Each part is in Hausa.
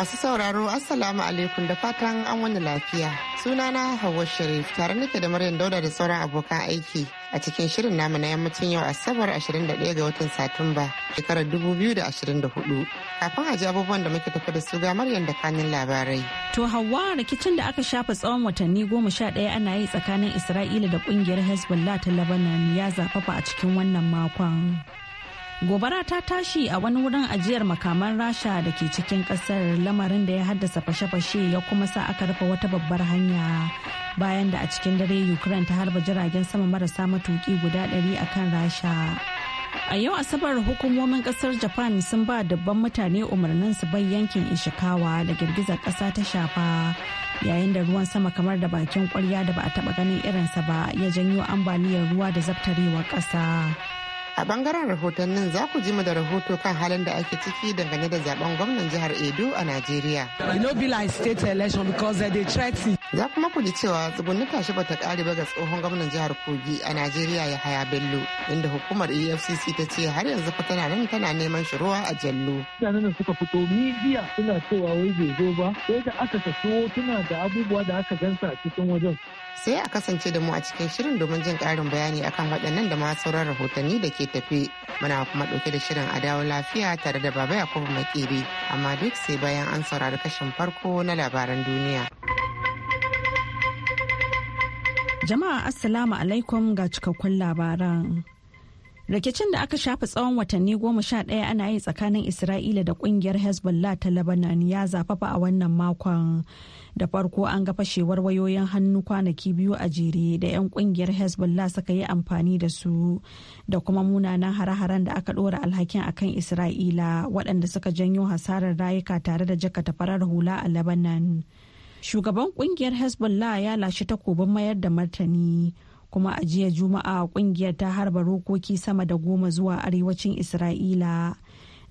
Masu sauraro Assalamu alaikum da fatan an wani lafiya. Suna na Hauwa Sharif tare nake da Maryam Dauda da sauran abokan aiki a cikin shirin namu na yammacin yau Asabar 21 ga watan Satumba shekarar 2024. Kafin a abubuwan da muke tafi da su ga Maryam da kanin labarai. To Hauwa rikicin da aka shafa tsawon watanni goma sha ɗaya ana yi tsakanin Isra'ila da kungiyar Hezbollah ta Lebanon ya zafafa a cikin wannan makon. gobara ta tashi a wani wurin ajiyar makaman rasha da ke cikin kasar lamarin da ya haddasa fashe-fashe ya kuma sa aka rufe wata babbar hanya bayan da a cikin dare ukraine ta harba jiragen sama marasa matuki guda 100 kan rasha a yau asabar hukumomin kasar japan sun ba dabban mutane umarnin su bai yankin ishikawa da girgizar kasa ta shafa yayin da ruwan sama kamar da bakin kwarya da ba a taba ganin irinsa ba ya janyo ambaliyar ruwa da zabtarewar kasa a bangaren rahotannin za ku ji mu da rahoto kan halin da ake ciki dangane da zaben gwamnan jihar edo a najeriya za kuma ku ji cewa tsugunni tashi bata kare ba ga tsohon gwamnan jihar kogi a najeriya ya haya bello inda hukumar efcc ta ce har yanzu fa tana nan tana neman shiruwa a jallo mutanen da suka fito midiya suna cewa wai bai zo ba sai da aka tafi tuna da abubuwa da aka gansa a cikin wajen sai a kasance da mu a cikin shirin domin jin karin bayani akan waɗannan da ma sauran rahotanni da ke tafe muna kuma ɗauke da shirin a dawo lafiya tare da baba yakubu makiri amma duk sai bayan an saurari kashin farko na labaran duniya jama'a assalamu alaikum ga cikakkun labaran rikicin da aka shafa tsawon watanni goma sha ɗaya ana yi tsakanin isra'ila da ƙungiyar hezbollah ta lebanon ya zafafa a wannan makon da farko an ga fashewar wayoyin hannu kwanaki biyu a jere da 'yan ƙungiyar hezbollah suka yi amfani da su da kuma munanan hare-haren da aka ɗora alhakin a kan isra'ila waɗanda suka janyo hasarar rayuka tare da jakata farar hula a lebanon shugaban ƙungiyar hezbollah ya lashe takobin mayar da martani kuma a jiya juma'a kungiyar ta harba rokoki sama da goma zuwa arewacin isra'ila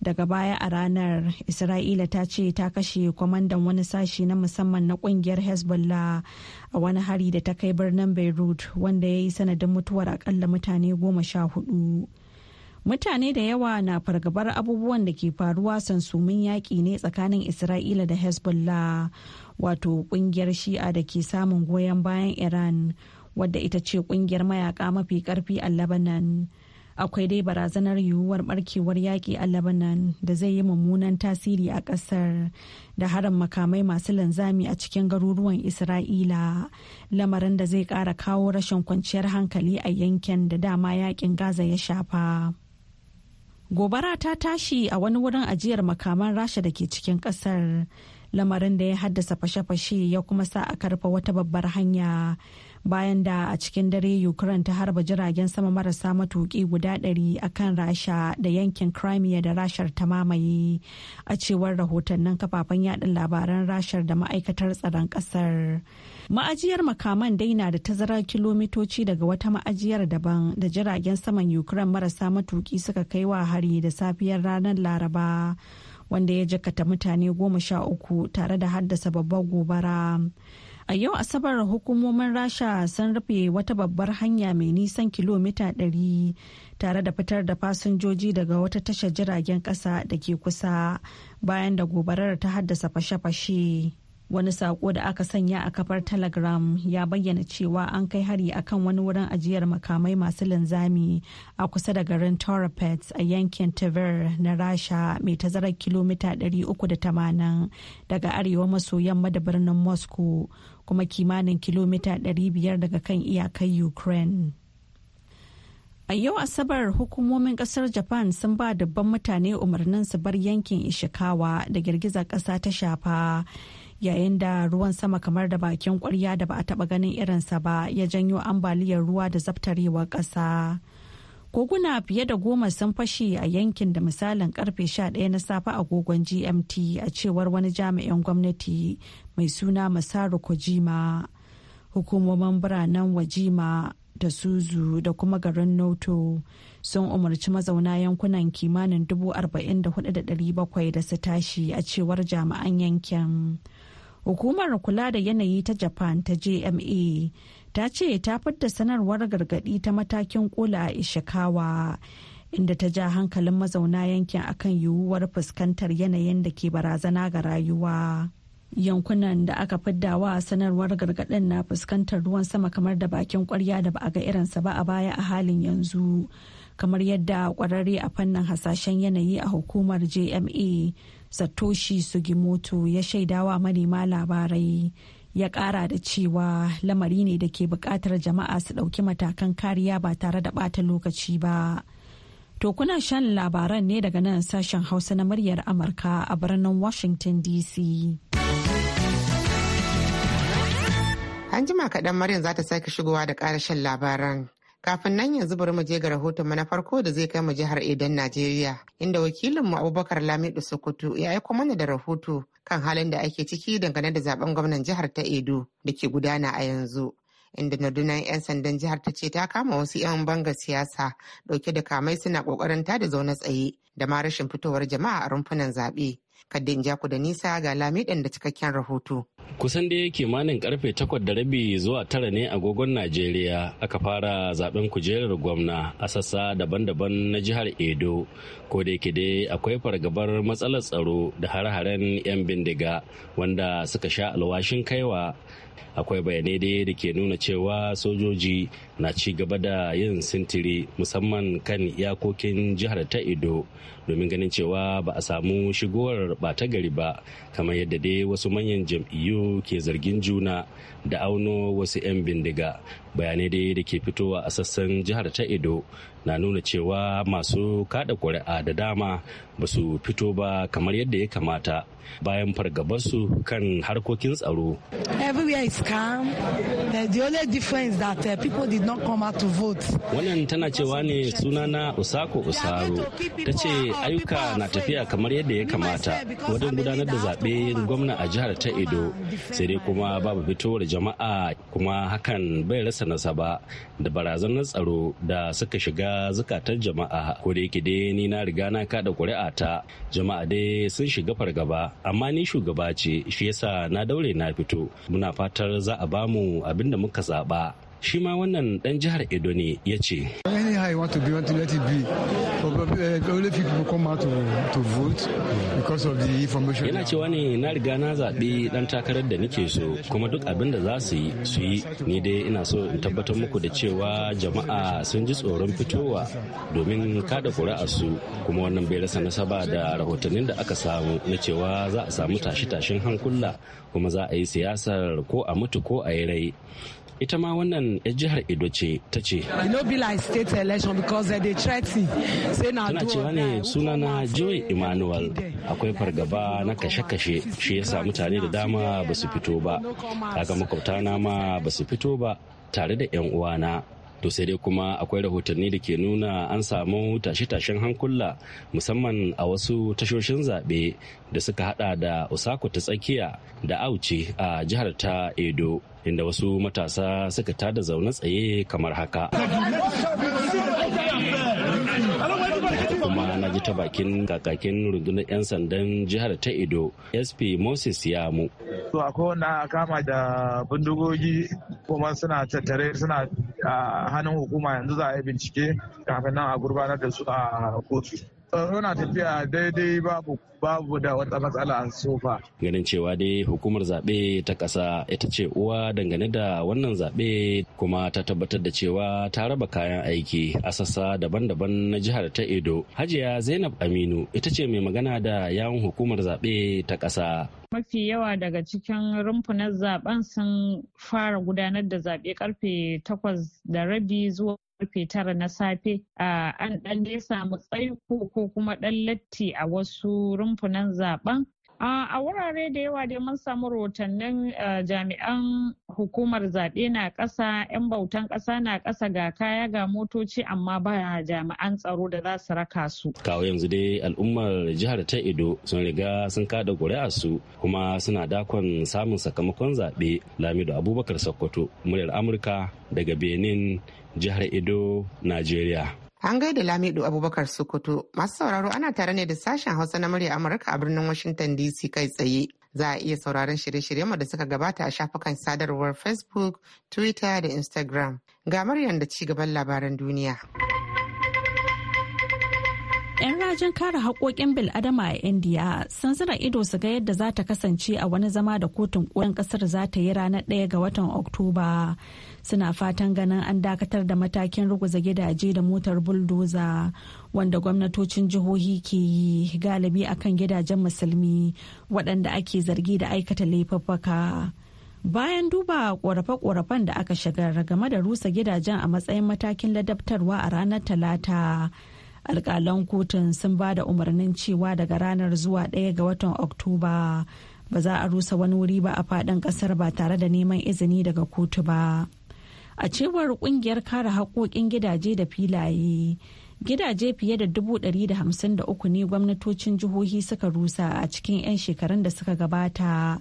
daga baya a ranar isra'ila ta ce ta kashe kwamandan wani sashi na musamman na kungiyar hezbollah a wani hari da ta kai birnin beirut wanda ya yi sanadin mutuwar akalla mutane goma sha hudu mutane da yawa na fargabar abubuwan da ke faruwa sansumin yaƙi ne tsakanin isra'ila da hezbollah wato kungiyar shi'a da ke samun goyon bayan iran wadda ita ce kungiyar mayaka mafi karfi a Lebanon. Akwai dai barazanar yiwuwar barkewar yaƙi a Lebanon da zai yi mummunan tasiri a ƙasar da harin makamai masu linzami a cikin garuruwan Isra'ila, lamarin da zai ƙara kawo rashin kwanciyar hankali a yankin da dama yaƙin Gaza ya shafa. Gobara ta tashi a wani wurin ajiyar makaman Rasha da ke cikin ƙasar, lamarin da ya haddasa fashe-fashe ya kuma sa a karfa wata babbar hanya. bayan da a cikin dare ukraine ta harba jiragen sama marasa matuki guda ɗari a kan rasha da yankin crimea da rashar ta mamaye a cewar rahotannin kafafen yaɗa labaran rashar da ma'aikatar tsaron ƙasar ma'ajiyar makaman dai na da tazarar kilomitoci daga wata ma'ajiyar daban da jiragen saman ukraine marasa matuki suka kai wa hari da safiyar ranar laraba wanda ya jakata mutane goma sha uku tare da haddasa babbar gobara A yau Asabar hukumomin Rasha sun rufe wata babbar hanya mai nisan kilomita 100 tare da fitar da fasinjoji daga wata tashar jiragen kasa da ke kusa bayan da gobarar ta haddasa fashe-fashe. wani sako da aka sanya a kafar telegram ya bayyana cewa an kai hari akan wani wurin ajiyar makamai masu linzami a kusa da garin torapets a yankin tver na rasha mai tazarar kilomita 380 daga arewa maso yamma da birnin moscow kuma kimanin kilomita 500 daga kan iyakar ukraine A yau Asabar hukumomin kasar Japan sun ba dabban mutane umarnin su bar yankin Ishikawa da girgizar ƙasa ta shafa yayin da ruwan sama kamar da bakin kwarya da ba a taba ganin irinsa ba ya janyo ambaliyar ruwa da zaftarewar ƙasa. Koguna fiye da goma sun fashe a yankin da misalin karfe 11 na safe agogon GMT a cewar wani jami'in gwamnati mai suna Masaru Kojima. Hukumomin biranen Wajima da Suzu da kuma garin Noto sun umarci mazauna yankunan kimanin 44,700 da su tashi a cewar jami'an yankin. Hukumar kula da yanayi ta Japan ta JMA ta ce ta fidda sanarwar gargadi ta matakin kula a Ishikawa. inda ta ja hankalin mazauna yankin akan yiwuwar fuskantar yanayin da ke barazana ga rayuwa. yankunan da aka fidda wa sanarwar gargaɗin na fuskantar ruwan sama kamar da bakin kwarya da ba a ga irinsa ba a baya a halin yanzu kamar yadda kwararre a fannin hasashen yanayi a hukumar jma satoshi sugimoto ya shaidawa manema labarai ya kara da cewa lamari ne da ke bukatar jama'a su ɗauki matakan kariya ba tare da bata lokaci ba to kuna shan labaran ne daga nan sashen hausa na muryar amurka a birnin washington dc An jima kaɗan Maryam za ta sake shigowa da ƙarashin labaran. Kafin nan yanzu bari mu je ga rahoton mu na farko da zai kai mu jihar Edan Najeriya, inda wakilin mu Abubakar Lamidu Sokoto ya aiko mana da rahoto kan halin da ake ciki dangane da zaben gwamnan jihar ta Edo da ke gudana a yanzu. Inda nadunan 'yan sandan jihar ta ce ta kama wasu 'yan banga siyasa dauke da kamai suna kokarin ta da zaune tsaye da ma rashin fitowar jama'a a rumfunan zaɓe. Kaddin Jaku da Nisa ga Lamidan da cikakken rahoto. kusan da kimanin karfe takwas da rabi zuwa tara ne agogon najeriya aka fara zaben kujerar gwamna a sassa daban-daban na jihar edo ko da yake dai akwai fargabar matsalar tsaro da hare-haren 'yan bindiga wanda suka sha alwashin kaiwa akwai bayanai dai da ke nuna cewa sojoji na ci gaba da yin sintiri musamman kan iyakokin jihar ta ido domin ganin cewa ba a samu shigowar ta gari ba kamar yadda dai wasu manyan jam'iyyu ke zargin juna da auno wasu 'yan bindiga bayanai dai da ke fitowa a sassan jihar ta edo na nuna cewa masu kada kuri'a da dama ba su fito ba kamar yadda ya kamata bayan fargabarsu kan harkokin tsaro. Uh, Wannan tana cewa ne suna na Usako Usaro ta ce ayyuka na tafiya kamar yadda ya kamata wajen gudanar da zaɓe gwamna a jihar ta Edo sai dai kuma babu fitowar jama'a kuma hakan bai rasa nasaba da barazanar tsaro da suka shiga zukatar jama'a ko da yake dai ni na riga na kada ƙuri'a ta jama'a dai sun shiga fargaba amma ni shugaba ce shi yasa na daure na fito muna fatar za a bamu abin da muka zaba. shi ma wannan dan jihar edo ne ya ce uh, yana cewa ne na riga na zaɓi ɗan takarar da nake so kuma duk abin da za su yi su yi ni dai ina so in tabbatar muku da cewa jama'a sun ji tsoron fitowa domin kada ƙuri'a su kuma wannan bai rasa nasaba da rahotannin da aka samu na cewa za a samu tashi-tashin hankula kuma za a yi siyasar ko a mutu ko a yi rai ita ma wannan yar eh, jihar Edo ce ta ce. Eh, Tana cewa ne sunana Joy Emmanuel akwai fargaba na kashe-kashe shi yasa mutane da dama ba su fito ba. Kaga makwabta na ma ba su fito ba tare da 'yan uwana. to sai dai kuma akwai rahotanni da ke nuna an samu tashe-tashen hankula musamman a wasu tashoshin zaɓe da suka hada da osako ta tsakiya da auci a jihar ta edo inda wasu matasa suka tada zaune tsaye kamar haka ji ta bakin kakakin rundunar 'yan sandan jihar ta Edo, SP Moses Yamu. To akwai wanda kama da bindigogi kuma suna tattare suna hannun hukuma yanzu za a yi bincike kafin nan a gurbanar da su a kotu. tsaro na tafiya daidai babu babu da wata matsala a sofa. Ganin cewa dai hukumar zaɓe ta ƙasa ita ce uwa dangane da wannan zaɓe kuma ta tabbatar da cewa ta raba kayan aiki a sassa daban-daban na jihar ta Edo. Hajiya Zainab Aminu ita ce mai magana da yawun hukumar zaɓe ta ƙasa. Mafi yawa daga cikin rumfunan zaben sun fara gudanar da zaɓe karfe takwas da rabi zuwa karfe tara na safe an ɗan nesa tsaiko ko kuma ɗan latti a wasu rumfunan zaben a wurare da yawa dai mun samu rahotannin jami'an hukumar zaɓe na ƙasa 'yan bautan ƙasa na ƙasa ga kaya ga motoci amma ba jami'an tsaro da za su raka su kawo yanzu dai al'ummar jihar ta edo sun riga sun kada ƙuri'a su kuma suna dakon samun sakamakon zaɓe lamido abubakar sokoto muryar amurka daga benin jihar Edo, Najeriya. An gaida Lamido Abubakar Sokoto masu sauraro ana tare ne da sashen Hausa na murya Amurka a birnin Washington DC kai tsaye. Za a iya sauraron shirye-shiryenmu da suka gabata a shafukan sadarwar Facebook, Twitter da Instagram. Ga Maryam da ci gaban labaran duniya. 'Yan rajin kare haƙoƙin bil'adama a Indiya sun zira ido su ga yadda za ta kasance a wani zama da kotun ƙoyon ƙasar za ta yi ranar ɗaya ga watan Oktoba. Suna fatan ganin an dakatar da matakin ruguza gidaje da motar buldoza wanda gwamnatocin jihohi ke yi galibi a kan gidajen musulmi waɗanda ake zargi da aikata laifuffuka. bayan duba korafe-korafen da aka shigar game da rusa gidajen a matsayin matakin ladabtarwa a ranar talata alƙalan kotun sun ba da umarnin cewa daga ranar zuwa ɗaya ga watan oktoba ba za a rusa wani wuri ba a faɗin ƙasar ba tare da neman izini daga kotu ba a cewar ƙungiyar kare haƙoƙin gidaje da filaye gidaje fiye da dubu ɗari da da hamsin uku ne gwamnatocin jihohi suka rusa a cikin 'yan shekarun da suka gabata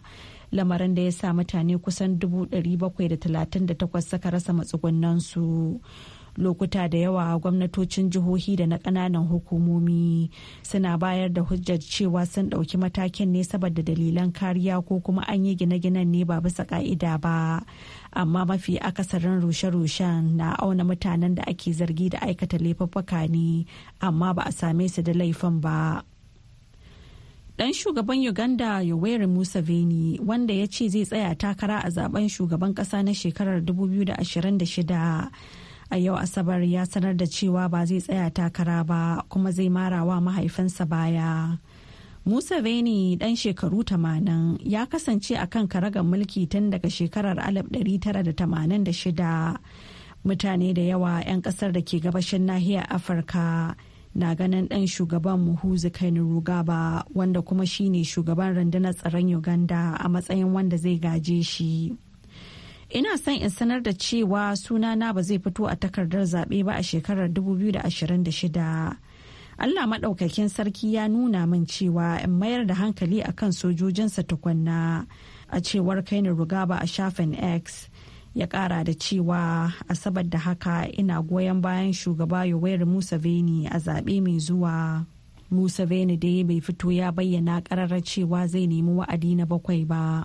lamarin da ya sa mutane kusan dubu ɗari bakwai da da talatin 738 suka rasa matsugunansu. su lokuta da yawa gwamnatocin jihohi da na kananan hukumomi suna bayar da hujjar cewa sun ɗauki matakin ne saboda dalilan kariya ko kuma an yi gine-ginen ne ba bisa ƙa'ida ba amma mafi akasarin rushe-rushen na auna mutanen da ake zargi da aikata laifuffuka ne amma ba a same su da laifin ba. dan shugaban uganda yoweri museveni wanda ya ce zai tsaya takara a zaben shugaban kasa na shekarar 2026 a yau asabar ya sanar da cewa ba zai tsaya takara ba kuma zai mara wa mahaifinsa baya musa veni dan shekaru 80 ya kasance a kan karagar mulki tun daga shekarar 1986. Mutane da yawa 'yan kasar da ke gabashin nahiyar Afirka na ganin dan shugaban Muhuzu rugaba wanda kuma shine shugaban rundunar tsaron Uganda a matsayin wanda zai gaje shi. ina son in sanar da cewa sunana ba zai fito a takardar zaɓe ba a shekarar 2026 allah maɗaukakin sarki ya nuna min cewa in mayar da hankali a kan sojojinsa tukunna a cewar kai kaini rugaba a shafin x ya ƙara da cewa a asabar da haka ina goyon bayan shugaba musa veni a zaɓe mai zuwa musa museveni dai bai fito ya bayyana ƙararra cewa zai nemi wa'adi na bakwai ba.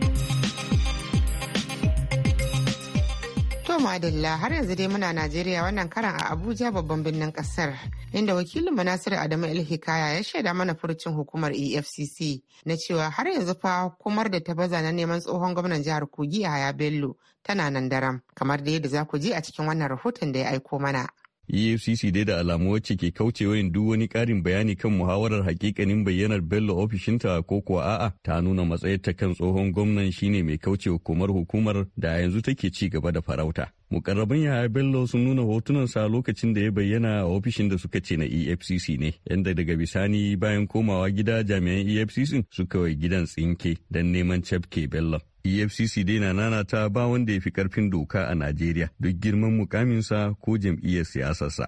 Adalla, har yanzu dai muna Najeriya wannan karan a Abuja babban birnin kasar inda wakilin Nasiru Adamu El Ilhikaya ya shaida mana furucin hukumar EFCC na cewa har yanzu fa hukumar da ta baza na neman tsohon gwamnan jihar Kogi a haya Bello tana nan daram kamar da yadda za ku ji a cikin wannan rahoton da ya aiko mana. efcc dai da alamu wacce ke kaucewa yin duk wani ƙarin bayani kan muhawarar hakikanin bayyanar bello ofishinta ko kuwa a'a ta nuna matsayarta kan tsohon gwamnan shine mai kaucewa komar hukumar da yanzu take ci gaba da farauta mukarraban yaya bello sun nuna hotunan sa lokacin da ya bayyana a ofishin da suka ce na efcc ne yadda daga bisani bayan komawa gida jami'an efcc suka wai gidan tsinke don neman cafke bello efcc dai na ta ba wanda ya fi karfin doka a najeriya duk girman mukamin sa ko jam'iyyar siyasarsa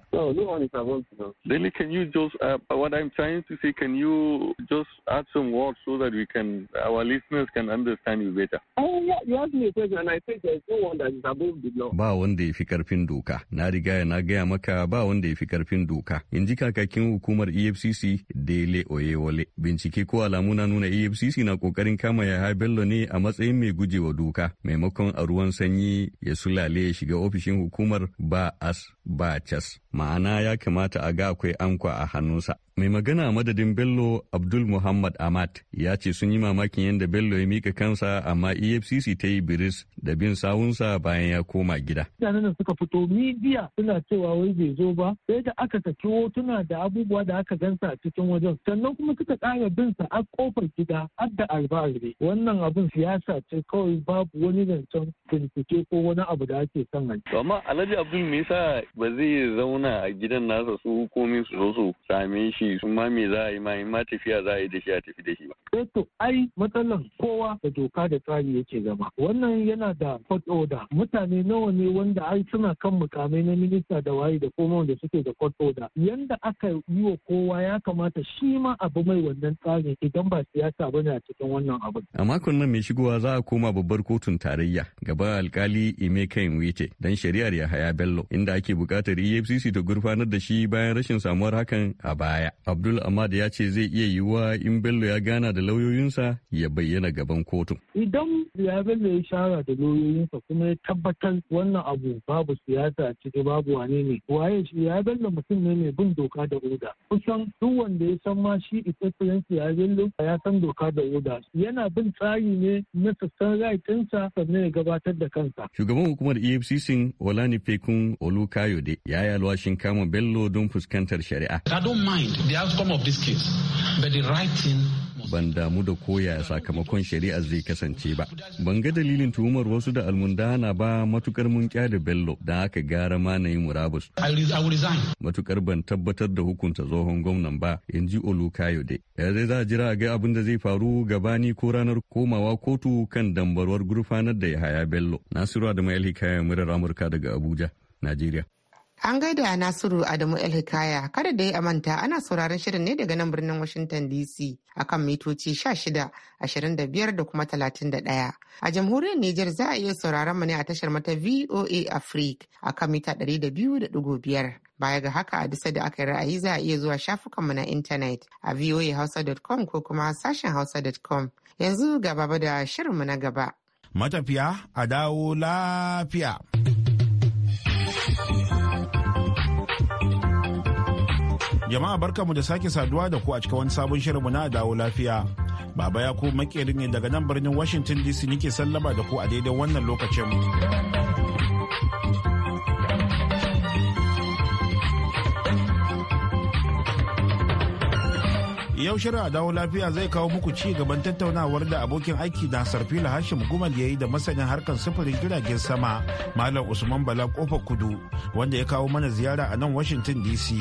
Then can you just, uh, what I'm trying to say, can you just add some words so that we can, our listeners can understand you better? Oh, yeah, you asked me a question and I said there's no one that is above the law. Ba wanda ya fi karfin doka na riga na gaya maka ba wanda ya fi karfin doka in ji kakakin hukumar efcc dele oyewole bincike ko alamu na nuna efcc na kokarin kama yahaya bello ne a matsayin mai gujewa doka maimakon a ruwan sanyi ya sulale ya shiga ofishin hukumar ba as ba cas ma'ana ya kamata a ga akwai ankwa a hannunsa Mai magana madadin Bello Abdul Muhammad Ahmad ya ce sun yi mamakin yadda Bello ya mika kansa amma EFCC ta yi biris da bin sawunsa bayan ya koma gida. Mutanen suka fito midiya suna cewa wai bai zo ba sai da aka saki hotuna da abubuwa da aka gansa a cikin wajen sannan kuma suka kara bin sa a kofar gida har da albarbe wannan abin siyasa ce kawai babu wani zancen bincike ko wani abu da ake son hanci. Amma Alhaji Abdul me yasa ba zai zauna a gidan nasa su komi su zo su same shi shi ma me za a yi ma in ma tafiya za a yi da shi a tafi da shi ba. Eh to ai matsalan kowa da doka da tsari yake zama. Wannan yana da court order. Mutane nawa ne wanda ai suna kan mukamai na minista da waye da koma wanda suke da court order. Yanda aka yi wa kowa ya kamata shi ma abu mai wannan tsarin idan ba siyasa bane a cikin wannan abu. A makon nan mai shigowa za a koma babbar kotun tarayya gaba alkali Emeka Nwite dan shari'ar Yahaya Bello inda ake bukatar EFCC ta gurfanar da shi bayan rashin samuwar hakan a baya. Abdul Ahmad ya ce zai iya yiwuwa in Bello ya gana da lauyoyinsa ya bayyana gaban kotu Idan ya Bello ya shara da lauyoyinsa kuma ya tabbatar wannan abu babu siyasa a babu wane ne. Waye shi ya Bello mutum ne mai bin doka da oda. Kusan duk wanda ya san ma shi excellency ya Bello ya san doka da oda. Yana bin tsari ne na sassan raitinsa sannan ya gabatar da kansa. Shugaban hukumar EFCC Olani Fekun Olukayode ya yi alwashin kama Bello don fuskantar shari'a. I don't mind the outcome of ban damu da koya sakamakon shari'ar zai kasance ba. Ban ga dalilin tuhumar wasu da almundana ba matukar mun da Bello da aka gara ma na yi murabus. Matukar ban tabbatar da hukunta tsohon gwamnan ba, in ji Olukayode. zai za a jira ga abin da zai faru gabani ko ranar komawa kotu kan dambarwar gurfanar da ya haya Bello. Nasiru ya mai alhikaya murar Amurka daga Abuja, Najeriya. An gaida Nasiru Adamu El Hikaya kada da ya amanta ana sauraron shirin ne daga nan birnin Washington DC akan mitoci 16, 25 da kuma 31. A jamhuriyar Nijar za a iya sauraron mu ne a tashar mata VOA Africa akan mita 200.5. Baya ga haka a disa da aka yi ra'ayi za a iya zuwa shafukanmu na intanet a voahausa.com ko kuma sashen hausa.com. Yanzu gaba ba da shirinmu na gaba. Matafiya a dawo lafiya. Jama'a barkanmu da sake saduwa da ku a cikin wani sabon shirinmu na dawo lafiya. Baba ya ku makeri ne daga nan birnin Washington DC nike sallama da ku a daidai wannan lokacin. Yau shirin a dawo lafiya zai kawo muku ci gaban tattaunawar da abokin aiki na Sarfila Hashim Gumal ya yi da masanin harkar sufurin jiragen sama Malam Usman Bala Kofa Kudu wanda ya kawo mana ziyara a nan Washington DC.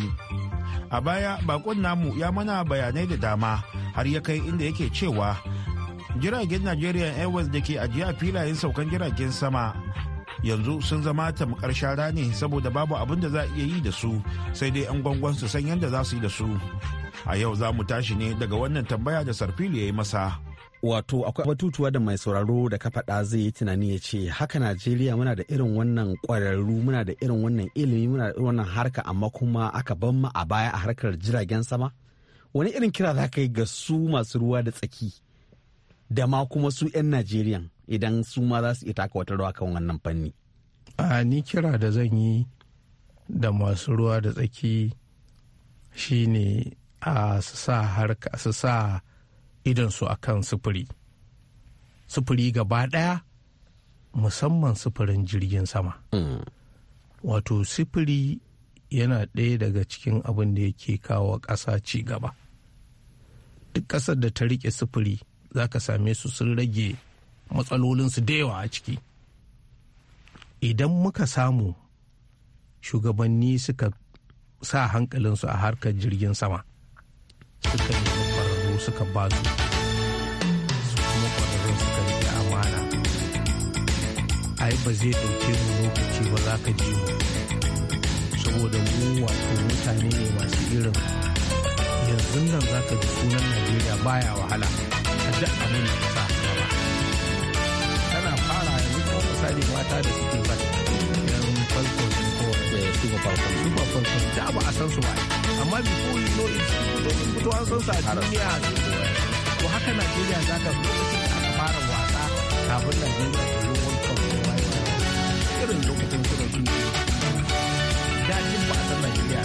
A baya bakon namu ya mana bayanai da dama har ya kai inda yake cewa jiragen nigeria Airways da ke ajiye a filayen saukan jiragen sama yanzu sun zama tamkar shara ne saboda babu abin da za a iya yi da su sai dai 'yan gwangwan su san yadda za su yi da su a yau za mu tashi ne daga wannan tambaya da sarfili ya yi masa wato akwai batutuwa da mai sauraro da ka faɗa zai yi tunani ya ce haka najeriya muna da irin wannan ƙwararru muna da irin wannan ilimi muna da irin wannan harka amma kuma aka ban mu a baya a harkar jiragen sama wani irin kira za ka yi ga su masu ruwa da tsaki da ma kuma su 'yan najeriya idan su ma za su iya taka wata rawa kan wannan fanni a ni kira da zan yi da masu ruwa da tsaki shine su sa idansu a kan sufuri sufuri gaba ɗaya musamman sufurin jirgin sama hmm. wato sufuri yana ɗaya daga cikin abin da yake kawo ƙasa ci gaba duk ƙasar da ta riƙe sufuri za ka same su sun rage matsalolinsu da yawa a ciki idan muka samu shugabanni suka sa hankalinsu a harkar jirgin sama suka nemi kwararru suka ba su su kuma kwararrun suka rike amana ai ba zai ɗauke mu lokaci ba za ka ji mu saboda mu wato mutane ne masu irin yanzu nan za ka ji sunan najeriya baya wahala a duk abin da ka sa tana fara yanzu kuma misali mata da suke ba yan farkon su kowa da su ba farkon su ba farkon da ba a san su ba amma before you know it domin fito an san sa a duniya to haka najeriya za ta lokacin da aka fara wasa kafin najeriya ta yi world cup irin lokacin kuma shi dajin ba a san najeriya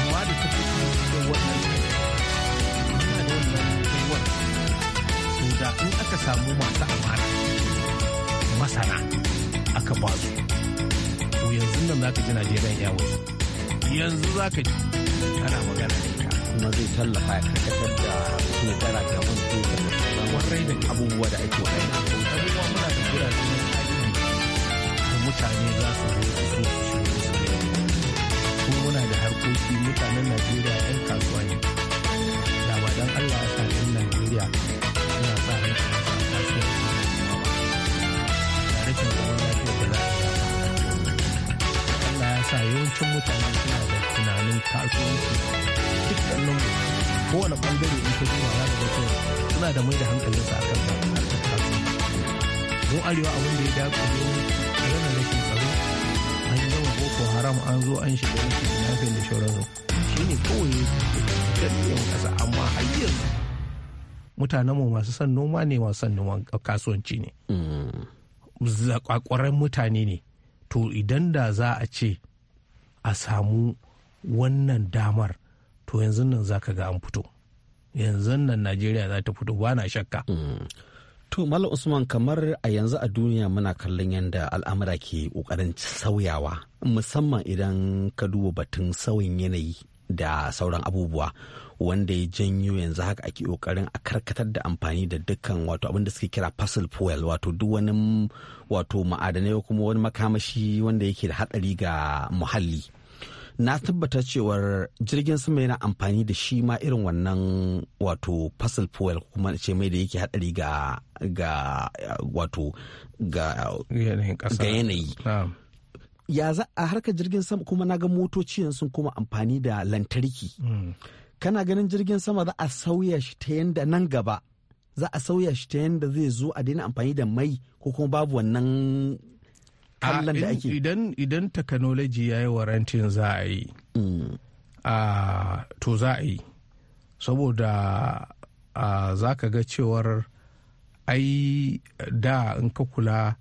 amma da ta fi cikin wannan yana da wannan mutuwar to da in aka samu masu amana masana aka ba su to yanzu nan za ka ji najeriya yawon. wasu yanzu za ka ji ana magana da ita kuma zai tallafa ya karkatar da dogara ga wani dogara wani da abubuwa da ake wani abubuwa muna da gidaje na tarihi da mutane za su zo su so su shigo kuma muna da harkoki mutanen najeriya 'yan kasuwa ne da ba don allah ya sa 'yan najeriya yawancin mutane suna da tunanin kasuwanci ko kowane bangare in ka zuwa ya daga cewa suna da mai da hankalinsa a kan mu arewa abin da ya dace ne yana rashin tsaro an gama boko haram an zo an shiga rashin lafiyar da shauransu shine kawai ganyen kasa amma har yanzu mu masu son noma ne masu son noman kasuwanci ne mm. zakwakwaren mutane ne to idan da za a ce a samu wannan damar to yanzu nan za ka ga an fito yanzu nan najeriya za ta fito Bana shakka mm. to malam usman kamar a yanzu a duniya muna kallon yadda al'amura ke kokarin sauyawa musamman idan ka duba batun sauyin yanayi da sauran abubuwa wanda ya janyo yanzu haka ake kokarin a karkatar da amfani da dukkan wato abin da suke kira fossil fuel wato duk wani wato ma'adanai ko kuma wani makamashi wanda yake da hatsari ga muhalli na tabbata cewar jirgin sama yana amfani da shi ma irin wannan wato fossil fuel kuma ce mai da yake hadari ga wato ga yanayi ya za a harkar jirgin sama kuma na ga motoci yanzu kuma amfani da lantarki hmm. kana ganin jirgin sama za a sauya shi ta yadda nan gaba za a sauya shi ta yadda zai zo a daina amfani da mai ko kuma babu wannan kallon da ake idan idan technology ya warantin za a yi hmm. to za a yi saboda za ka ga cewar ai da in ka kula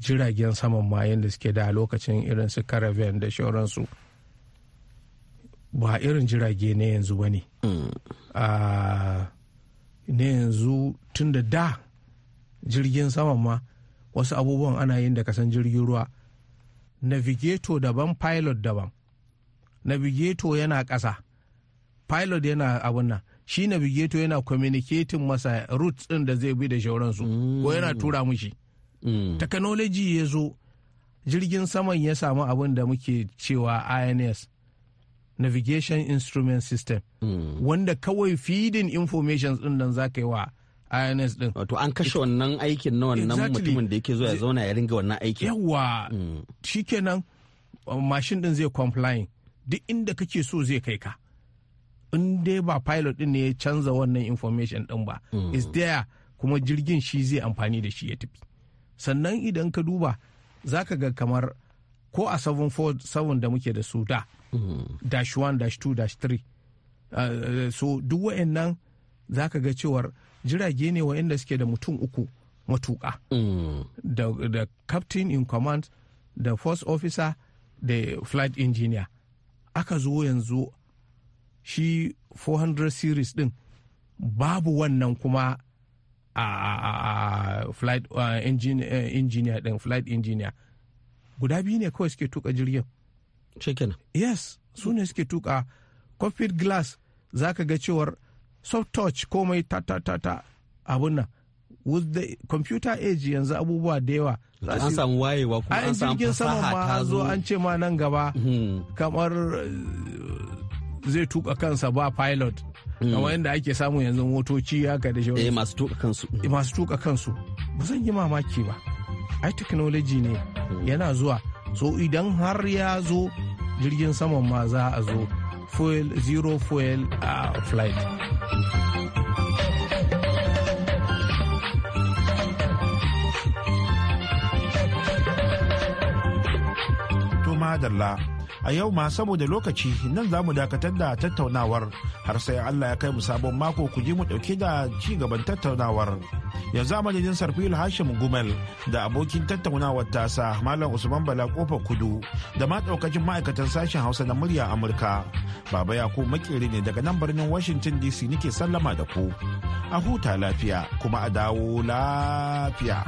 jiragen saman mayan da suke da lokacin irin su caravan da shauransu ba irin jirage ne yanzu ba ne hmm. ah, ne yanzu tun da da jirgin saman ma wasu abubuwan ana yin da kasan jirgin ruwa navigator daban pilot daban navigator yana ƙasa pilot yana abun nan shi navigator yana communicating masa routes ɗin da zai bi da shauransu ko yana hmm. tura mushi Mm. technology ya zo jirgin saman ya samu abin da muke cewa ins navigation instrument system mm. wanda kawai feeding information din nan za ka yi wa ins din wato an kashe wannan aikin na wannan mutumin da yake zuwa ya zauna ya ringa wannan aikin yawa mm. shikenan um, mashin din zai complying duk inda kake so zai kai ka in dai ba pilot din ne ya canza wannan information din ba is there kuma jirgin shi zai amfani da shi ya tafi sannan idan ka duba za ka ga kamar ko a 747 da muke da su da dash 1 dash 2 dash 3 uh, so duk wa'annan za ka ga cewar jirage ne wa'anda suke da mutum uku matuka. da captain in command da first officer da flight engineer aka zo yanzu shi 400 series din babu wannan kuma a flight eh, engineer din flight engineer guda biyu ne kawai suke tuka jirgin shekina yes su ne suke tuka cockpit glass za ka ga cewar soft touch komai ta ta ta ta abun nan with the computer age yanzu abubuwa da yawa an samu wayewa kuma an samu fasaha ta zo an ce ma nan gaba hmm. kamar eh, zai tuka kansa ba pilot kamar mm. yadda ake samu yanzu motoci haka da shawara eh, masu tuka kansu masu tuka kansu ba zan yi mamaki ba ai technology ne mm. yana zuwa so idan har ya zo jirgin saman ma za a zo fuel zero fuel a uh, flight to madalla a yau ma saboda lokaci nan za mu dakatar da tattaunawar har sai Allah ya kai mu sabon mako ku ji mu dauke da ci gaban tattaunawar yanzu a madadin sarfil hashim gumel da abokin tattaunawar tasa malam usman bala kofar kudu da ma daukacin ma'aikatan sashen hausa na murya amurka baba ya ku makeri ne daga nan birnin washington dc nake sallama da ku a huta lafiya kuma a dawo lafiya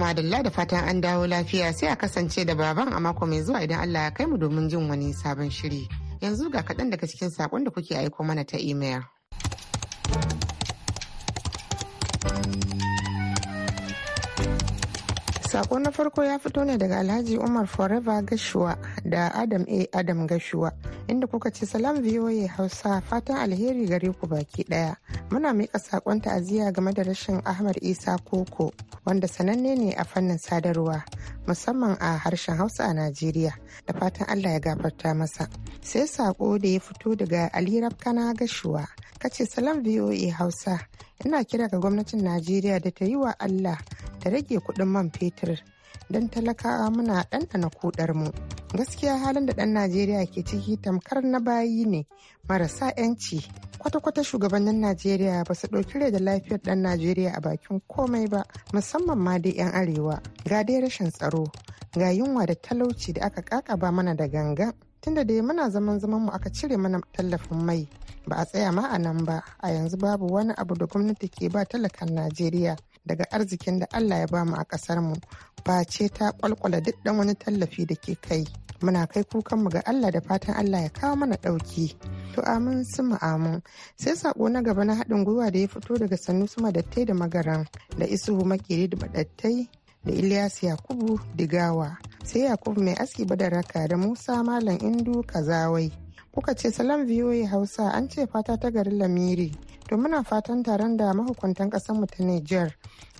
madalla da fatan an dawo lafiya sai a kasance da baban a mako mai zuwa idan Allah ya kai mu domin jin wani sabon shiri. Yanzu ga kaɗan daga cikin saƙon da kuke aiko mana ta imel. Sako na farko ya fito ne daga Alhaji Umar Forever Gashuwa da Adam A. Adam Gashuwa inda kuka ce salam VOA Hausa fatan alheri gare ku baki daya. Muna mika sakon ta'aziyya game da rashin Ahmad Isa Koko wanda sananne ne a fannin sadarwa musamman a harshen Hausa a Najeriya da fatan Allah ya gafarta masa. Sai sako da ya fito daga Ali Rabkana Gashuwa kace salam VOA Hausa ina kira ga gwamnatin Najeriya da ta yi wa Allah ta rage kuɗin man fetur don talakawa muna ɗanɗana kuɗar mu. Gaskiya halin da ɗan Najeriya ke ciki tamkar na bayi ne marasa 'yanci. Kwata-kwata shugabannin Najeriya ba su ɗauki da lafiyar ɗan Najeriya a bakin komai ba musamman ma dai 'yan arewa. Ga dai rashin tsaro, ga yunwa da talauci da aka kakaba mana da ganga tunda da muna zaman zaman mu aka cire mana tallafin mai ba a tsaya ma a nan ba a yanzu babu wani abu da gwamnati ke ba talakan najeriya daga arzikin da Allah ya bamu a ƙasarmu ce ta kwalkwala duk ɗan wani tallafi da ke kai. Muna kai kukanmu ga Allah da fatan Allah ya kawo mana ɗauki. To amin suma amin. Sai saƙo na gaba na haɗin gwiwa da ya fito daga Sanusi dattai da Magaran da Isuhu Makeri da Madattai da Ilyas Yakubu Digawa. Sai Yakubu mai aski badaraka da Musa Malam Indu Kazawai. Kuka ce salam ya Hausa an ce fata ta garin Lamiri. to muna fatan taron da mahukuntan mu ta niger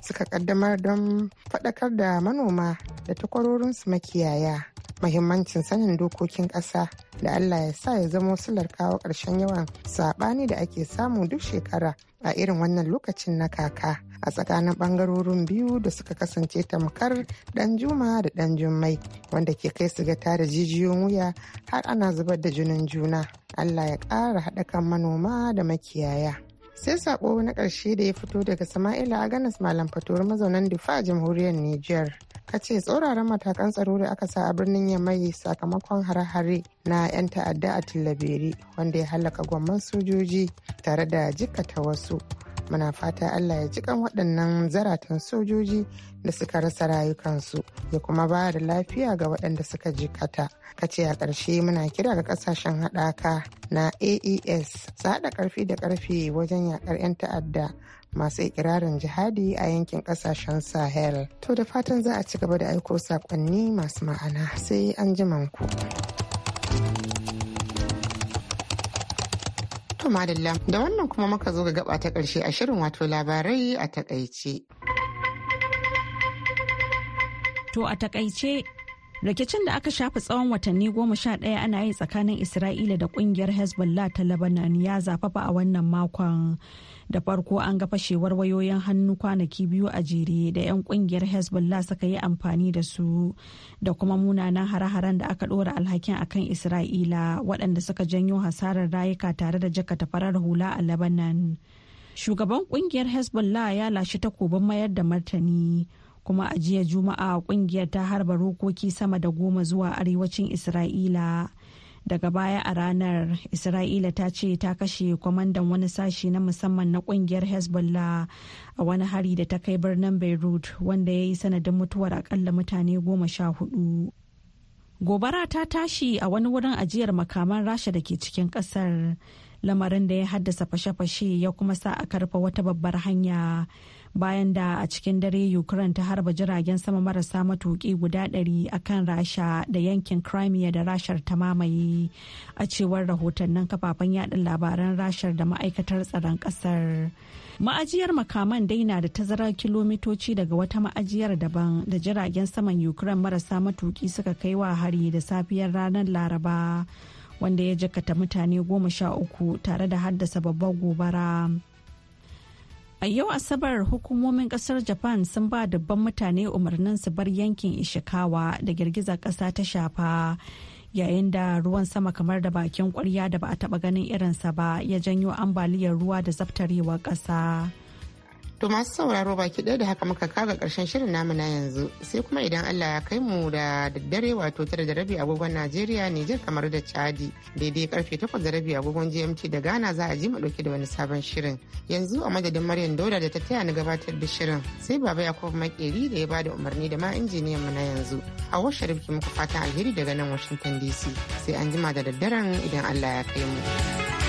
suka kaddamar don faɗakar da manoma da takwarorin su makiyaya mahimmancin sanin dokokin ƙasa da allah ya sa ya zama sular kawo ƙarshen yawan saɓani da ake samu duk shekara a irin wannan lokacin na kaka a tsakanin ɓangarorin biyu da suka kasance tamkar ɗan juma da ɗan jummai wanda ke kai su ga tada jijiyoyin wuya har ana zubar da junan juna allah ya ƙara haɗa kan manoma da makiyaya sai sako na ƙarshe da ya fito daga sama'ila aganas malam fatoro mazaunan difa a jamhuriyar niger ka ce tsauraran matakan tsaro da aka sa a birnin yamai sakamakon hare-hare na 'yan ta'adda a tillaberi wanda ya halaka gwamman sojoji tare da jikkata wasu muna fata allah ya kan waɗannan zaratan sojoji da suka rasa rayukansu ya kuma ba da lafiya ga waɗanda suka jikata ce a ƙarshe muna kira ga ƙasashen haɗaka na aes su haɗa ƙarfi da ƙarfi wajen yaƙar 'yan ta'adda masu ikirarin jihadi a yankin ƙasashen sahel to da fatan za a ci gaba da aiko saƙonni masu ma'ana sai an ku. madalla da wannan kuma muka zo ga gaba ta karshe a shirin wato labarai a takaice. To a takaice rikicin da aka shafa tsawon watanni goma sha ɗaya ana yi tsakanin isra'ila da ƙungiyar hezbollah ta lebanon ya zafafa a wannan makon da farko an ga fashewar wayoyin hannu kwanaki biyu a jere da 'yan ƙungiyar hezbollah suka yi amfani da su da kuma munanan hare-haren da aka ɗora alhakin a kan isra'ila waɗanda suka janyo hasarar rayuka tare da jakata farar hula a lebanon shugaban ƙungiyar hezbollah ya lashe takobin mayar da martani kuma a jiya juma'a kungiyar ta harba rokoki sama da goma zuwa arewacin isra'ila daga baya a ranar isra'ila ta ce ta kashe kwamandan wani sashi na musamman na kungiyar hezbollah a wani hari da ta kai birnin beirut wanda ya yi sanadin mutuwar akalla mutane goma sha hudu gobara ta tashi a wani wurin ajiyar makaman rasha da ke cikin kasar lamarin da ya haddasa fashe-fashe ya kuma sa a karfa wata babbar hanya bayan da a cikin dare ukraine ta harba jiragen sama marasa matuki guda a kan rasha da yankin crimea da rashar ta mamaye a cewar rahotannin kafafen yada labaran rashar da ma'aikatar tsaron kasar ma'ajiyar makaman dai na da tazarar kilomitoci daga wata ma'ajiyar daban da jiragen saman ukraine marasa matuki suka kai wa hari da safiyar ranar laraba wanda ya jakata mutane goma sha uku tare da haddasa babbar gobara A yau Asabar hukumomin kasar Japan sun ba dabban mutane umarnin su bar yankin Ishikawa da girgizar kasa ta shafa yayin da ruwan sama kamar da bakin kwarya da ba a taba ganin irinsa ba ya janyo ambaliyar ruwa da zaftarewar ƙasa. To masu sauraro baki ɗaya da haka muka kaga ƙarshen shirin namu na yanzu sai kuma idan Allah ya kai mu da daddare wato tara da rabi agogon Najeriya Nijar kamar da Chadi daidai karfe takwas da rabi agogon GMT da Ghana za a ji mu ɗauke da wani sabon shirin. Yanzu a madadin Maryam Dauda da ta taya ni gabatar da shirin sai Baba Yakubu Makeri da ya ba da umarni da ma injiniyan mu na yanzu. A washe ki muku fatan alheri daga nan Washington DC sai an jima da daddaren idan Allah ya kai mu.